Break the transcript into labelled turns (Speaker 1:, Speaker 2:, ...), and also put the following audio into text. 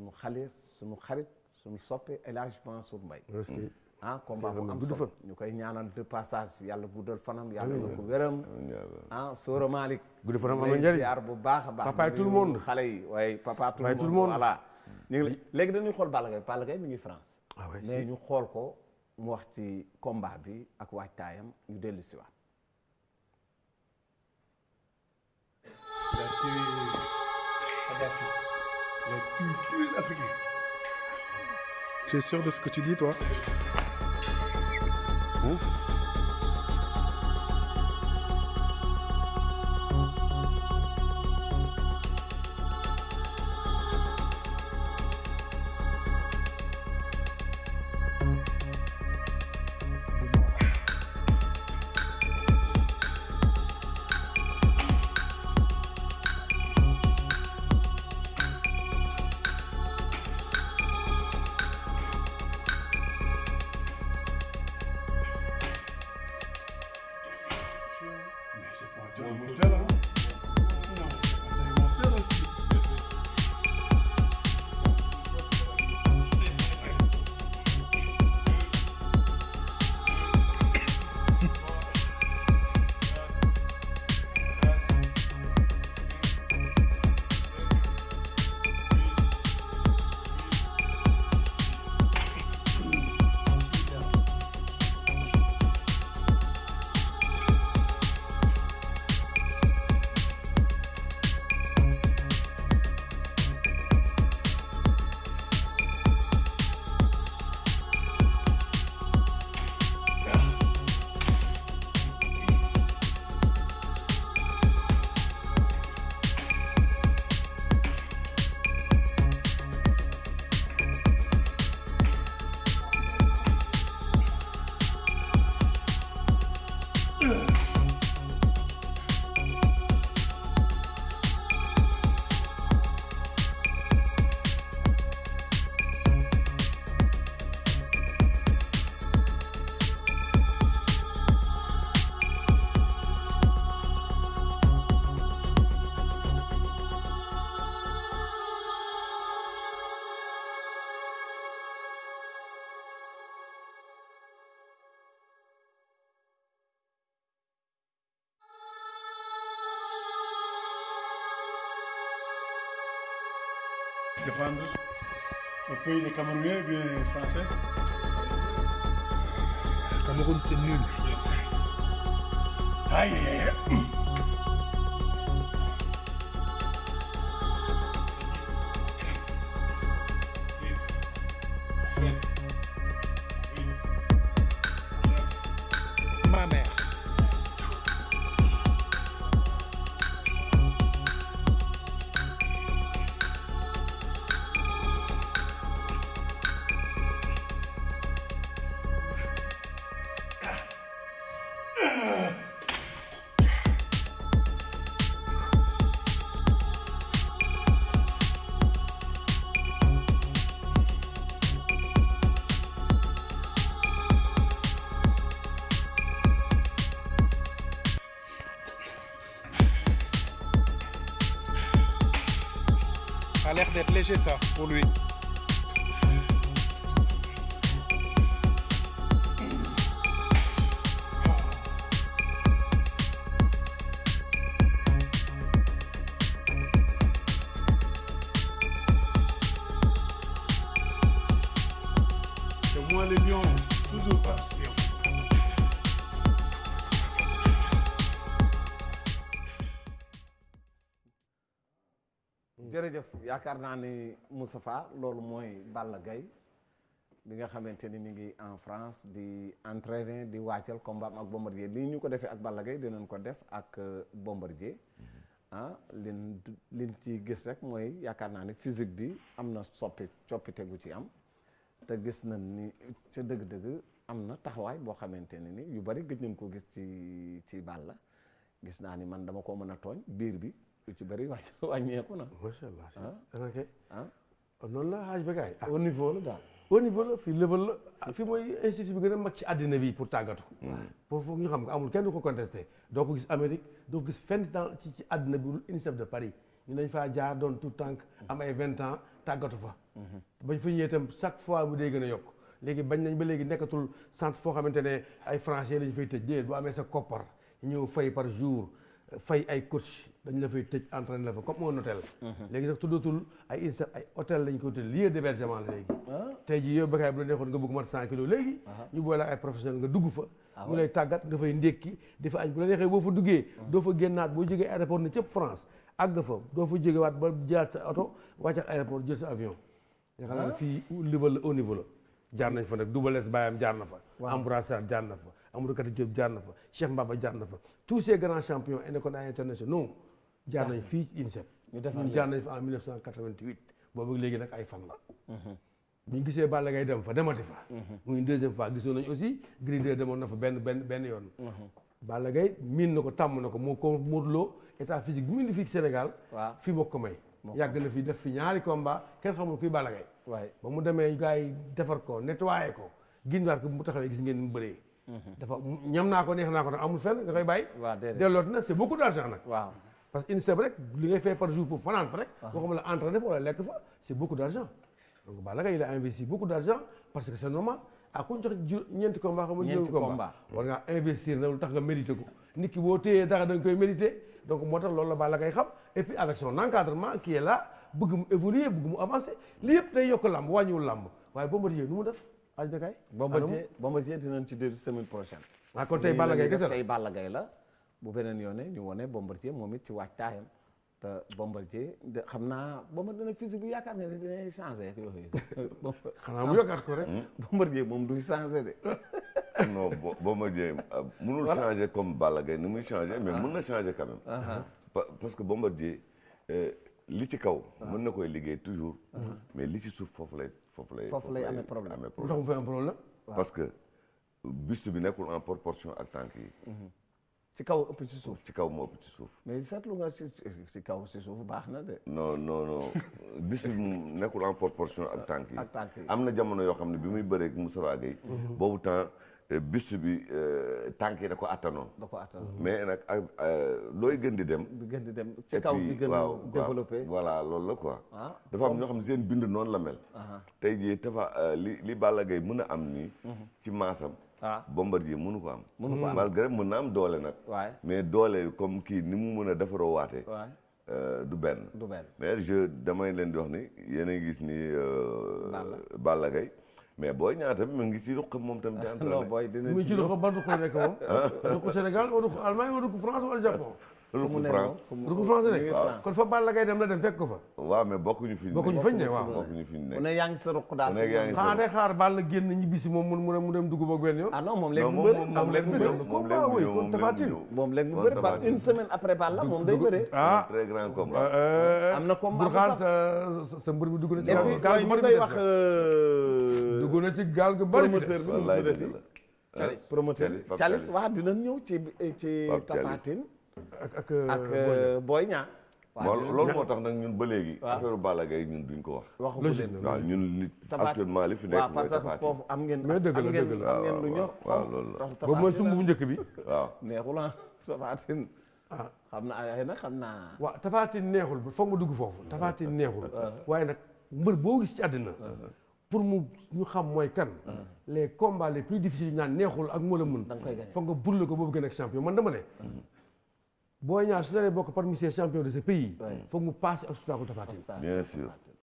Speaker 1: suñu xale suñu xarit suñu soppe El Hadj Mansour Mbaye ah combat bu am solo ñu koy ñaanal de passage yàlla guddal fanam yàlla na ko wéram ah Soro Malick gudd fanam am na njëriñ yaar bu baax a baax papa tout le xale yi waaye papa tout le monde voilà ngi léegi dañuy xool Balla Gaye Balla Gaye mi ngi France ah mais ñu xool ko mu wax ci combat bi ak waajtaayam ñu dellu si waat
Speaker 2: merci la culture africaine.
Speaker 3: Tu es sûr de ce que tu dis, toi
Speaker 2: hein One more time. défendre le pays des Camerounais ou bien français Cameroun, c'est nul. Aïe, aïe, aïe. a l'air d'être léger ça pour lui.
Speaker 3: moi les lions, toujours passion.
Speaker 1: jërëjëf yaakaar naa ni Moustapha loolu mooy ballagay bi nga xamante ni mi ngi en France di entraîner di wàccal combat ak Bombardier li ñu ko defee ak Balla Gaye dinañ ko def ak euh, Bombardier mhm. ah lin lin ci gis rek mooy yaakaar naa ni physique bi am na soppi coppite gu ci am te gis na ni ca dëgg-dëgg am na taxawaay boo xamante ne ni yu bari gëj nañ ko gis ci ci la gis naa ni man dama koo mën
Speaker 2: a tooñ biir bi lu ci bari wàcc wàññeeku na. macha allah ah. ok ah. ah noonu la xaaj ba kaay. Ah. au niveau la daal. au niveau la fii la fii mooy institut bi gën a mag ci àddina bi pour tàggatu. boobu hmm. foog ñu xam nga amul kenn du ko contesté doo ko gis Amérique doo ko gis fenn dans ci ci àddina bi lu INSEP de Paris ñu dañ faa jaar doon tout tànk am ay vingt ans. tàggatu fa. bañ fa ñëwee itam chaque fois mu day gën a yokk léegi bañ nañ ba léegi nekkatul centre foo xamante ne ay français lañ fay tëj déedéet boo amee sa koppar ñëw fay par jour fay ay coach dañ la fay tëj entraîné la fa comme un hôtel. léegi sax tuddatul ay INSEP ay hôtel lañ ko tuddee lieu d'hébergement la léegi. Ah. tey jii yow Bécaye bu la neexoon nga bëgg mat cent kilos léegi. Ah. ñu boole ay professionnel nga dugg fa. mu ah lay tàggat nga fay ndékki àgg fa doo fa jógewaat ba jëlaat sa oto wàccaat aéroport jël sa avion. yaakaar naa ne ah. fii niveau la au niveau la. jaar nañ fa nag Double Less Bayam jaar na fa. waaw Ambroise jaar na fa. Amadou Kati Diop jaar na fa Cheikh Mbaba jaar na fa tous ces grands champions indépendants internationaux jaar nañ ah. fii INSEP. ñu def jaar nañ fa en 1988 boobu léegi nag ay fan la. Mhm. bu gisee Balla Gaye dem fa demati fa. Mhm. muy deuxième fois gisoon nañ aussi Gris demoon na fa benn benn benn yoon. Mhm. Balla Gaye miin na ko tàmm na ko moo ko Modou Lo état physique bi mu indi fii ci Sénégal. waaw fii moo ko may. yàgg na fi def fi ñaari komba kenn xamul kuy Balla ba mu demee gars yi defar ko nettoyé ko ginnaar ko mu taxawee gis ngeen mu bëree. Mhm. dafa ñam naa ko neex naa ko nag amul fenn nga koy bàyyi. waaw déedéet delloot na c' beaucoup d' argent nag. parce que INSEP rek li ngay fay par jour pour fanaan fa rek. Ah. waxuma la entraîné fa wala lekk fa c' beaucoup d' donc Balla ah ku ñu jox ju ñeenti combat xam nga ñeenti combat war ngaa investir na lu tax nga mérité ko nit ki boo téyee dara da nga koy mérité donc moo tax loolu la Balla Gaye xam et puis avec son encadrement qui bëgg mu évoluer bëgg mu avancer li yëpp day yokk làmb wàññiwul làmb waaye Bombardier nu mu def aj dakaay Bombardier
Speaker 3: Bombardier dinañ ci déglu
Speaker 1: semaine prochaine ah kon tey Balla Gaye kese la tey Balla Gaye la bu beneen yoone ñu wone Bombardier moom it ci waajtaayam te Bombardier de xam naa Bombardier dana physique bi yaakaar ne dina changé ak yooyu. xanaa mu
Speaker 2: yokkaat ko rek. Hmm?
Speaker 3: Bombardier moom du changé de. non Bombardier euh, mënul changé comme bala Gaye ni muy changé mais mën na changé quand même. Ah, ah. parce que Bombardier euh, li ci kaw. Ah. mën na koy liggéey toujours. mais li ci suuf foofu lay. foofu lay foofu lay amee problème amee problème. parce que buste bi nekkul en proportion ak tànk yi.
Speaker 1: Mhm. ci kaw ëpp ci suuf ci
Speaker 3: kaw moo ëpp suuf.
Speaker 1: mais seetlu nga si kaw si suuf baax na de.
Speaker 3: non non non bis bi nekkul en proportion ak tànk ak tànk yi am na jamono yoo xam ne bi muy bëreeg Moussa Gueye. Mhm. boobu temps eh, bis bi eh, tànk yi da ko attanoon. da ko mhm. mais nag eh, looy gën di dem. gën di dem ci kaw di gën a développé voilà loolu la quoi. Ah, dafa am ñoo xam ne seen bind noonu la mel. tey jii tafa li li Balla Gaye mën a am nii. Mhm. ci maasam. waaw ah. Bombardier mënu ko am. mënu ko am malgré mën na am doole nag. waay mais doole comme kii ni mu mën a defaroo waatee. Euh, du benn. du benn mais je damay leen di wax ni yéen a gis ni. Euh, Balla Balla Gaye mais booy ñaata bi mu ngi ci ruq moom tamit di entraîné. non booy dina ci ruq
Speaker 2: ban ruq la nekk moom. Ah. ruq Sénégal ruq Allemagne ruq France Japon. ruku France ruku France ne kon fa Balla Gaye dem la dem fekk ko fa
Speaker 3: waaw mais bokkuñu fi bokkuñu fañ ne waaw bokkuñu fi ne ku ne
Speaker 2: yaa ngi sa ruq daal xanaa day xaar Balla génn ñibbisi moom mu mu dem dugg ba benn yoon ah non moom léegi mu bëri moom léegi mu bëri
Speaker 3: ko ba woy kon tafatin moom léegi mu bëri par une
Speaker 2: semaine après Balla moom day bëri ah très
Speaker 3: grand combat euh,
Speaker 2: euh, ah, am na combat bu xaar sa sa mbër bi dugg na ci gaal gu bëri wax
Speaker 3: euh,
Speaker 2: dugg na ci gaal gu bëri promoteur
Speaker 3: promoteur Thialis
Speaker 1: wax dinañ ñëw ci ci tafatin ak euh, ak
Speaker 3: Boy Niang. Euh,
Speaker 2: waaw loolu moo
Speaker 3: tax nag ñun ba léegi. waaw affaire bala Gaye ñun duñ ko wax. logique waaw ñun li actuellement li mooy. parce que am
Speaker 2: ngeen. mais dëgg la dëgg la am ngeen lu ñor. waaw
Speaker 3: loolu boobu mooy sumb bu njëkk bi. waaw
Speaker 2: neexul ah, ah xam naa ay na xam naa. waaw Tafatin neexul bu foog nga dugg foofu. Tafatin ah. neexul. Ah. waaye nag mbër boo gis ci àddina. pour mu xam mooy kan. les combats les plus difficiles ñu neexul ak moola la mën. da nga koy gagné ko boobu gën ak champion man dama Boy Niang su naree bokk parmi ces champions de ce pays. mu paase obstacle Tapha Tine.
Speaker 3: bien